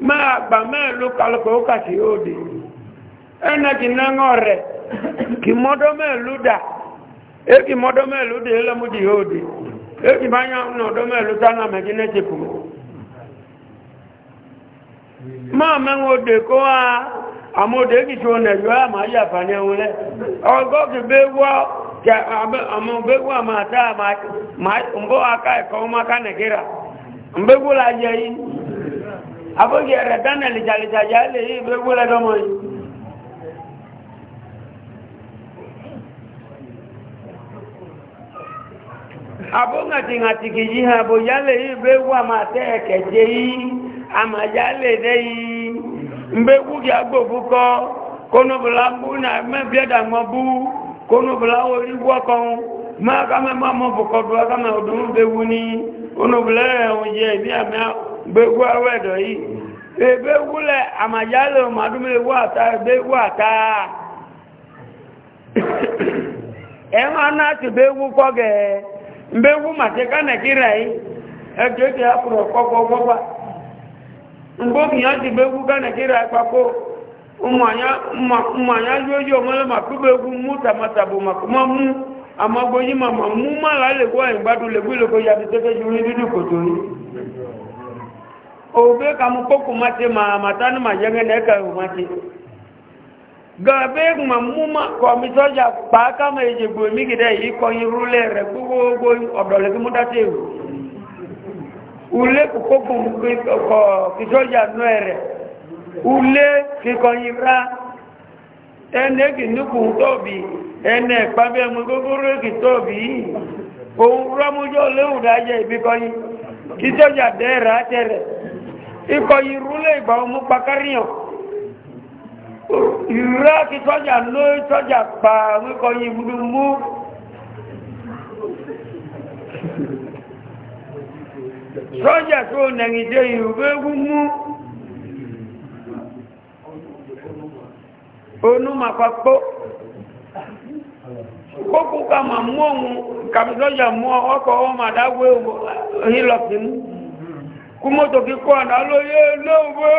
máa gbà máa ló kalọ̀pẹ̀ ó kàtí ó dì ẹnà kì náà rẹ̀ kì mọ́dọ́ mẹ́lú dà ékì mọ́dọ́ mẹ́lú dì lẹ́mùdì ó dì ékì bá yá ọ̀dọ́ mẹ́lú tánà mẹ́jì nẹ́tì kù máa mẹ́wọ́n òdè kó wá àmódé kì tí ó nẹ̀ yọ àmà yà fàní ẹ̀wọ̀n lẹ́ ọgọ́ kì bẹ́ wọ́ àmọ́ bẹ́ wọ́ àmà àtà àmà mbọ́ aká ẹ̀kọ́ ọmọ aká nàìjíríà mbẹ́gbó la yẹ yìí abógi ẹ̀rẹ̀ dáná lìjàlìjàjà lè yí ìgbé gbúlẹ̀ lọ́mọ yìí abóngàtìngàtì kì yí hàn bòyá lè yí ìgbé wà máa tẹ́ ẹ̀kẹ̀jẹ́ yìí àmàjá lè dé yìí ìgbé gbúgi kónúbùlá bú náà mẹ́bí gbegwu awẹ́dọ̀ yìí ebe wúlẹ̀ àmàjálẹ̀ ọmọdúnmẹ́wú àtà egwu àtà ẹ̀mà náà ti bẹ́wú kọ́gẹ̀ mbẹ́wú màtíká nàìjíríà yìí ẹgbẹ́ ti àpùrọ̀ kọ́kọ́ gbọ́gbà mgbókìyàn ti bẹ́wú ká nàìjíríà pàkó mmanya lójú ọmọlẹ́ màkúbẹ́wú mú tàmátàbò màkúmọ́ mú àmọ́gbóyí màmá mú má lálẹ́gbọ́ obe ka mu poku mate ma matan ma yenge ne ka u mate ga be ma mu ma ko mi so ja pa ka me je bo mi gide i ko i rule re bu bu bu odole ki mu da te u ule ku poku mu ki ko ki so ja no ere ule ki ko i ra ene ki nu ku to bi ene pa be mu go go re ki to bi o ra mu jo le u da je bi ko yi ki so ja de ra te re ikọ̀ ìrúlé ìgbà ọmú pàkáríyàn ìrúlé kí tọ́jà ló tọ́jà pa àwọn ikọ̀ yìí múlùmú tọ́jà tó nẹ̀gìdé ìrúgbé gúnmú onúmàpapọ̀ kókù ká ma mú ohun kàbí tọ́jà mú ọkọ̀ ọmọ àdáwé ìlọ̀pínú kú mọ́tò kíkọ́ àná lóyé lóòwò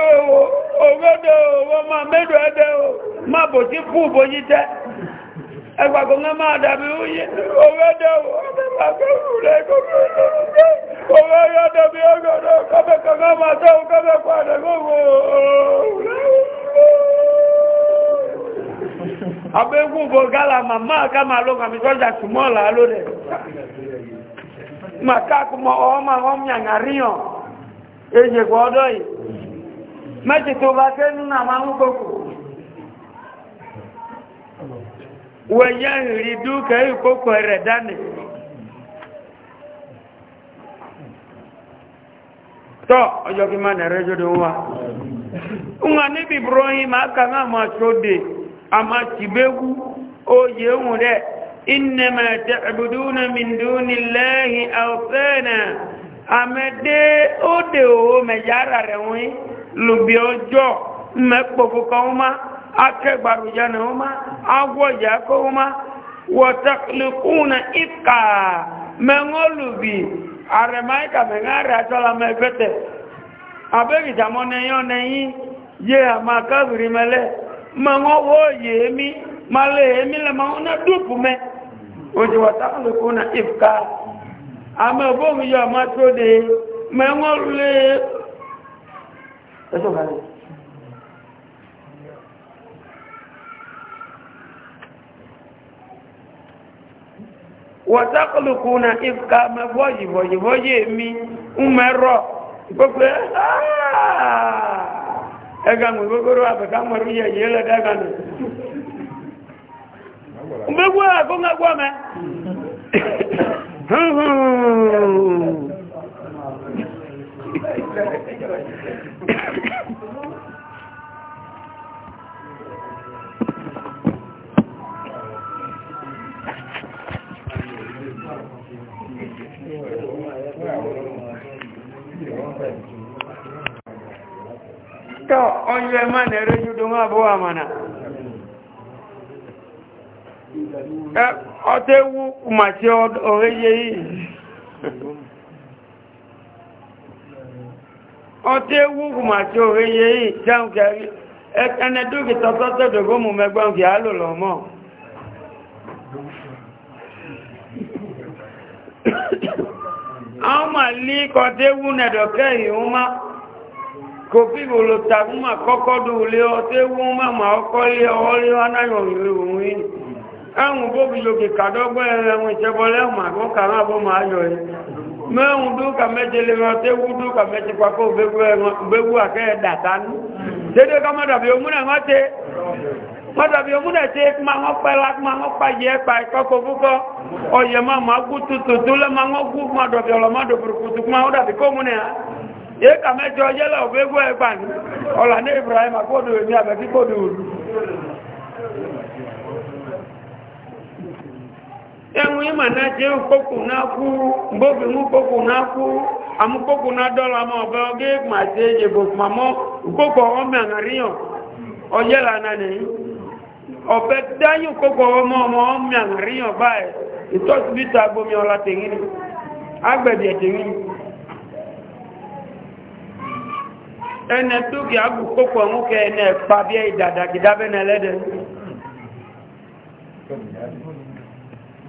òwòdó owó máa mẹ́rọ ẹgbẹ́ o máa bò sí kú bóyí tẹ́ ẹgbàgbọ́ ń máa dàbí òyé òwòdó òwòdó bí ọgọ́dọ̀ kọ́bẹ̀kọ́ máa tẹ́ òkọ́bẹ̀kọ́ àdàgbòwò àbẹ́kù bò gálà màmá ká máa ló kàmì sọ́jà tùmọ́ làálò rẹ̀ màkà kùmọ̀ ọmọ ọmọ yàngàríyàn èjè pọ̀ ọdọ́ yìí méjì tó bá tẹ́ nínú àmà kòkò wẹ̀yẹ́ ìrì dúkẹ́ ìkòkò rẹ̀ dání tọ́ ọjọ́ kí máa nẹ̀rẹ́ jọ́dọ̀ wá ńwà níbi ibrahim akàmà àmà ṣóde àmà tìbégú oyè ń rẹ̀ inna ma ta'buduna min dunillahi awsana amede ode owo mejara re win lubi ojo mekpofu kan ma akegbaruja na ma agwoja ko ma watakhliquna ifka mengolubi aremaika mengara tola mefete abegi jamone yon neyin ye ama kabiri mele mangowo ye mi male mi le mauna dupu me oje na ifka àmọ́ bóòmù yọ ọmọ tó dé mẹ́wọ́n lé ẹ̀ṣọ́ kan wọ̀tákùlùkù na ìfka mẹ́fọ́ yìbọ̀yìbọ̀yì mi ń mẹ́rọ̀ gbogbo ẹgbà mú gbogbo àbẹ̀ká mọ̀rú yẹ yìí lẹ́dẹ́gbà nù gbogbo àkóngẹ́gbọ́ mẹ́ to onye mana erejudu nwa abụọ mana ọtẹ́ wú màṣẹ́ ọ̀rẹ́ yẹ yìí ọtẹ́ wú màṣẹ́ ọ̀rẹ́ yẹ yìí jáun kẹrí ẹkẹ́nẹ́ dókítà tọ́tẹ́dọ̀ gómù mẹ́gbọ́n kìí á lò lọ mọ́ àwọn mà lí kọtẹ́ wú nẹ̀dọ̀kẹ́ ìhún má kò fi ìwòlò tàbí mà kọ́kọ́ dùn lé ọtẹ́ wú má mà ọkọ́ lé ọwọ́ lé wọn náà yọ̀ ẹ̀hùn bóbi lòkè kàdọ́gbọ́ ẹ̀hùn ìṣẹ́bọlẹ́ màgbọ́ kàrán àbọ́ màá yọ ẹ̀ mẹ́hùn dúkà mẹ́jẹlẹ wọn tẹ́wú dúkà mẹ́jẹ pakó gbégbú àkẹ́ dàtánú dédé ká mọ́dàbí omúnà wọ́n tẹ́ mọ́dàbí tẹ́ ma wọ́n pẹ́ wọ́n pa ìkọ́kọ́ ma gú lẹ́ wọ́n gú mọ́dàbí ma ibrahim ẹ̀wọ̀n yìí màá náà jẹ́ òkókù náà kú gbóbi mú kókù náà kú amúkókù náà dọ́là mọ́ ọ̀bẹ ọgẹ́ màá ọwọ́ àríyàn ọjẹ́ nìyí ọ̀bẹ ọwọ́ mọ́ ọmọ mi àríyàn báyìí ìtọ́sibítà gbomi ọ̀la tèyí ni agbẹ̀dẹ̀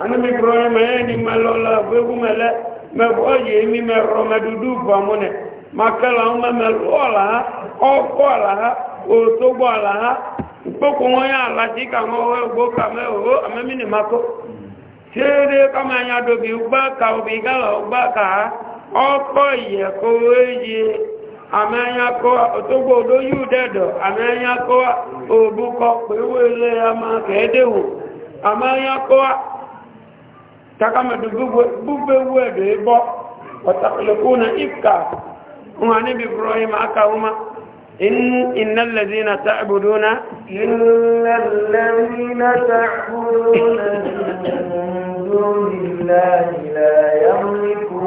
anami kura ma ni ma lɔ la fegu mɛ mi mɛ rɔ mɛ dudu famu nɛ ma kɛ la ŋu mɛ mɛ lɔ la ha ɔkɔ la ha osogbɔ la ha ka ŋɔ wɛ gbó ka mɛ o ame mi ni ma kó seere kama nya do bi gba ka o bi gala o gba ka ha ɔkɔ yɛ ko eye ame nya kó otogbo do yu dɛ dɔ ame nya kó obu kɔ pé wele ama kɛ de wo ame nya kó. takamedu gbogbo ewu ẹ̀dọ̀ ẹbọ́ ọ̀tàkùlẹ̀kùnà ifka wọn níbi ibrahim akahuma إن الذين تعبدون إن الذين تعبدون من دون الله لا يملكون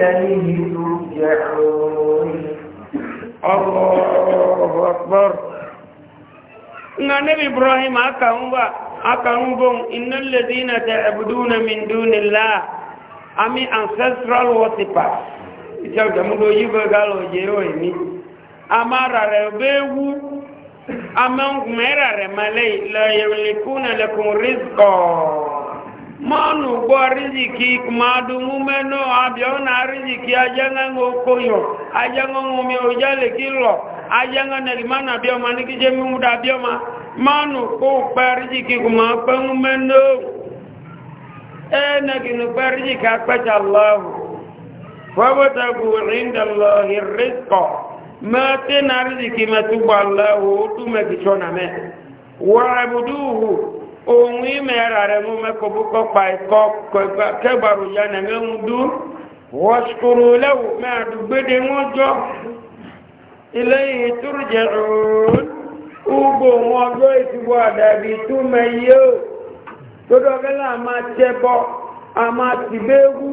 وإليه ترجعون الله أكبر نبي إبراهيم أكاومبا أكاومبون إن الذين تعبدون من دون الله أمي ancestral worshippers ìjọ́jọ́múdó yíbẹ̀ gálò jẹ́ òyìn ní amára rẹ̀ bẹ́ẹ̀ wú amẹ́ngùnmẹ́ra rẹ̀ mẹ́lẹ́ ìlọ ìrìnlẹ̀kúnnà lẹ́kùn rízkọ̀ọ́ mọ́nù gbọ́ rízìkì màdùnmú mẹ́nà àbíọ́nà rízìkì ajẹ́ngẹ́ngẹ́ okòyò ajẹ́ngẹ́ngẹ́ omi òjálẹ̀ kí lọ ajẹ́ngẹ́ngẹ́ lìmánà bíọ́mà ní kí jẹ́ mímú dá bíọ́mà mọ́nù kó pẹ́ rízìkì kùmà pẹ́ngú mẹ́nà ẹnẹ́gìnì pẹ́ rízìkì apẹ́tà lọ́wọ́ fọ́bọ́tàkù ríndàlọ́hì rízkọ̀ mẹ́tẹ́nà rízìkì mẹ́túgbà lọ́wọ́ ó túmẹ̀kì ohun ara rẹ̀ mú mẹ́kọ̀ọ́bùkọ́ pa ẹ̀kọ́ kẹgbàrú ya nàmẹ́hùn dú wọ́ṣkúrú lẹ́wù mẹ́àdùgbédé wọ́n jọ ilé ìtúrùjẹ̀ òun a máa tìbéwú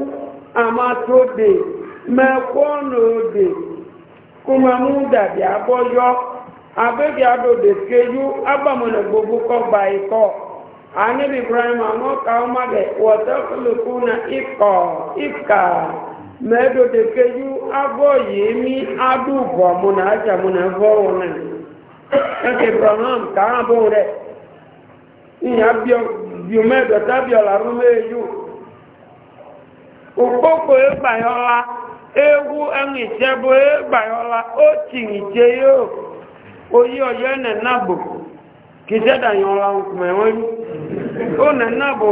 a máa tó dè abẹ́bí adòdè gbogbo kọ́ gba ikọ́ anibi ibrahim àwọn ọkà ọmọdé wọtọkulukuna ikọ ika mẹdọdẹkẹju abọ yìí mi adúbọ múna ajamúna fọwọ na ẹkẹ ibrahim kàá bọ rẹ ìyá bíọ mẹdọta bíọ làrú méjú òkpókò la ewu ẹnu ó tì yóò ọyọ ẹnẹ nàgbò wọn yìí. ó nà ń nàbò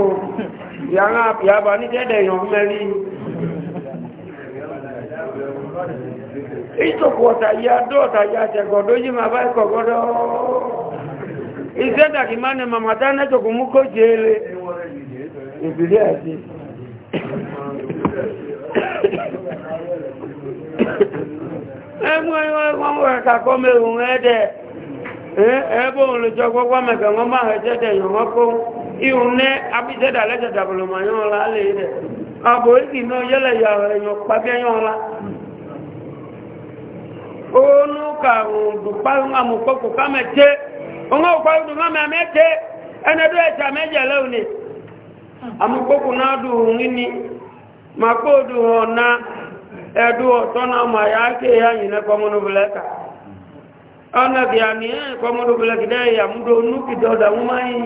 yàrá àpìyàbà ní dẹ́dẹ̀ èèyàn mẹ́rí ìtòkù ọ̀tàyà dó ọ̀tàyà àtẹ̀gọ̀dó yí máa bá ikọ̀ gọ́dọ̀ ìsẹ́dàkì máa ní màmá dáná ìtòkù mú kó jẹ ele ìbìlẹ̀ àti ẹmú ẹwọ́n ẹ̀kà kọ́ mẹ́rùn-ún ẹ̀ẹ́dẹ̀ ẹ̀ẹ́bọ̀n olùjọ́ gbọ́gbọ́ mẹ́kà wọ́n máa rẹ̀ jẹ́dẹ̀ ẹ̀yàn wọ́n kó ìrùnẹ́ abíjẹ́dà lẹ́jẹ̀dà bọ̀lọ̀mọ̀ yán ọlá lè rẹ̀ àbò ìdì náà yẹ́lẹ̀ yà ẹ̀yàn pàbẹ́ yán ọlá oónú nú dùpárùn amùpọ̀kù kámẹ́tẹ́ ọmọ òpárùn dùpárùn ẹnẹ́dọ́ ẹ̀ṣà máa yìí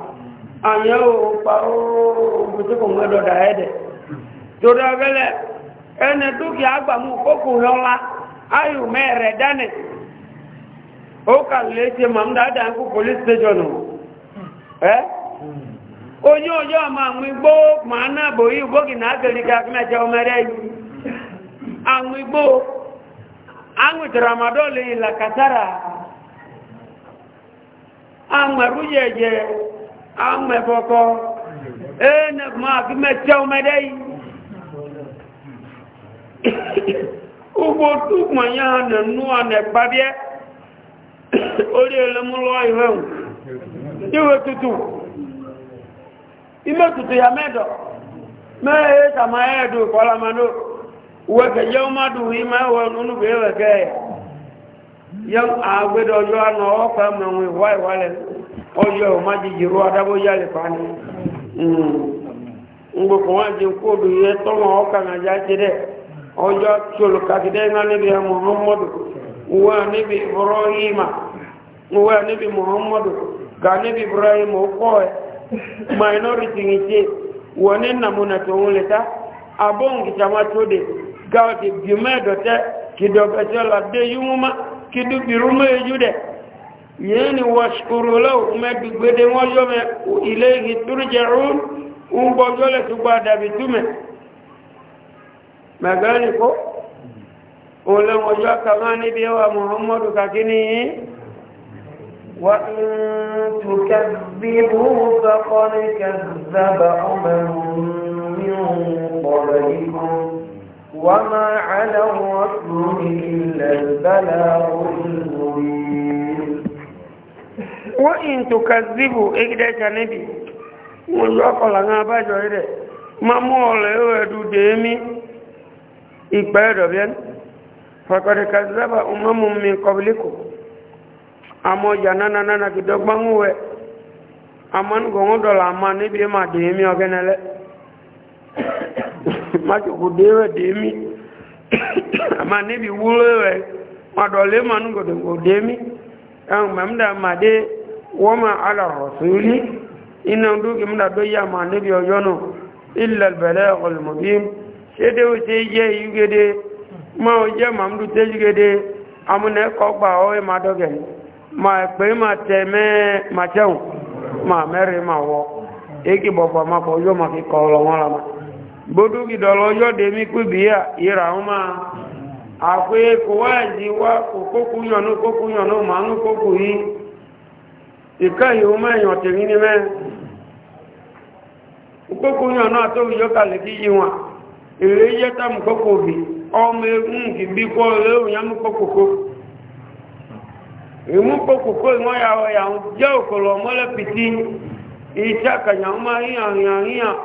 àyẹ́ òun pa oògùn tí kò ń gbẹ́dọ̀ dà ẹ́dẹ̀ torí ọgẹ́lẹ̀ ẹni dúkìá agbàmú kókò yọ́nlá ayò mẹ́rẹ̀ dánì ó kà lè ṣe màmúdá dáńkù police station ẹ́ onye ọjọ́ ọmọ àwọn igbó máa náà bò yí gbógi náà kèrè kí akínàjẹ́ ọmọ rẹ̀ yìí àwọn igbó amẹ́bọ̀kọ́ ẹ́nẹ̀ máa fi mẹ́tẹ́ ọmọdé yìí ugbo tukpọ̀ ya nà nú ọ̀nà ẹ̀kpàbíẹ́ orí ẹlẹ́múlọ́ ìwẹ̀hùn ìwẹ̀ tutu, ime tutu ya mẹ́dọ̀ mẹ́ẹ̀ẹ́ sàmà ẹ̀ẹ́dù kọlamado wẹ́kẹ̀ yẹ́ ọmọdù ìmọ̀ ẹ̀wọ̀ nínú ọjọ́ ọmọ jíjìrú adábọ́yá lè pa ní ń gbogbo wọn jẹ kó odò yẹ tọmọ ọkà náà já ti dẹ ọjọ tsolo kakidẹ ńlá níbi muhammadu wọn níbi ibrahima wọn níbi muhammadu ga níbi ibrahima ọkọ ẹ minority nìjẹ wọn ní namuna tó ń lè ta abóǹkìtàmá tó de gáwọ́tì bímẹ́ẹ̀dọ̀tẹ́ kìdọ̀bẹ́sẹ́ ládé yúmọ́má kìdúbìrúmọ́ èjú dẹ̀. yéèni wàṣkúrú lọ́wọ́ mẹ́bí gbédé wọ́n yọ́ mẹ́ ilé igi túrújẹ̀rún ń gbọ́jọ́ lẹ̀ tó gba dàbí túmẹ̀ mẹ́gbẹ́ni kó olóòwòjọ́ kàmá níbi ẹwà muhammadu kàkíní yìí wà ń tukẹ́ bí bú wọ́n ń tukazibu ẹgbẹ́ ẹ̀kà níbi wọ́n yọ ọkọ̀lá ń abájọ ẹ̀rẹ̀ ma mú ọ̀rẹ́ ẹ̀rẹ́dù dèémí ìpẹ́ ẹ̀dọ̀bẹ́ fàkọ̀dẹ̀ kazaba ọmọ mi kọ̀bílíkù àmọ́ ìyá nánà nánà gidọ́ gbọ́ngù wẹ̀ àmọ́ nìgbọ̀ngù dọ̀là àmọ́ níbi ẹ̀ máa dèémí ọ̀gẹ́nẹ́lẹ́ májòkò déwẹ̀ dèémí àmọ́ níbi wúlò ẹ̀ máa dọ̀lé màá nìgbọ̀ an mamda made wama ala rasuli ina duki mda doya ma nabi ojono illa albalagh almubin sede o te je yugede ma o je mamdu te yugede amune ko gba o ma doge ma pe ma teme ma cheun ma mere ma wo eki bobo ma ko yo ma ki ko lo won la ma bodu ki dolo yo de mi ku biya ira ma àpé kò wá ìdí wá kòkókù yànú kókù yànú màánú kókù yìí ìkẹ́ ìhun mẹ́yàn tèmi ní mẹ́ kókù yànú àtòwì lè kí yí èrè yẹ́ tàmù kókò bì ọmọ egun kì bí kọ́ òyàmú ìmú ya ọ̀yà ń jẹ́ òkòlò mọ́lẹ̀ pìtì iṣẹ́ àkànyà ń máa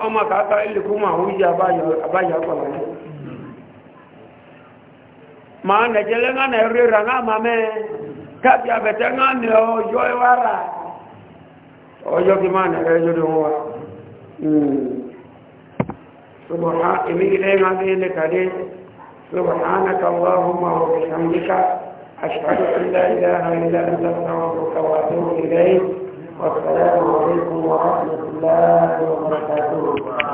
ọmọ abáyà máa nẹ̀jẹ̀lẹ́ ńlá nẹ̀ rí ra ńlá mamẹ́ káàkiri àbẹ̀tẹ́ ńlá nẹ̀ ọjọ́ ìwá rà ọjọ́ kí máa nẹ̀ ẹjọ́ ni wọ́n wá ṣùgbọ́n èmi ilẹ̀ ńlá ní ilẹ̀ kàdé ṣùgbọ́n ánàkà wọ́n mọ̀ ọ̀rọ̀ ìṣàmìlíkà أشهد أن لا إله إلا أنت أستغفرك وأتوب إليك والسلام عليكم ورحمة الله وبركاته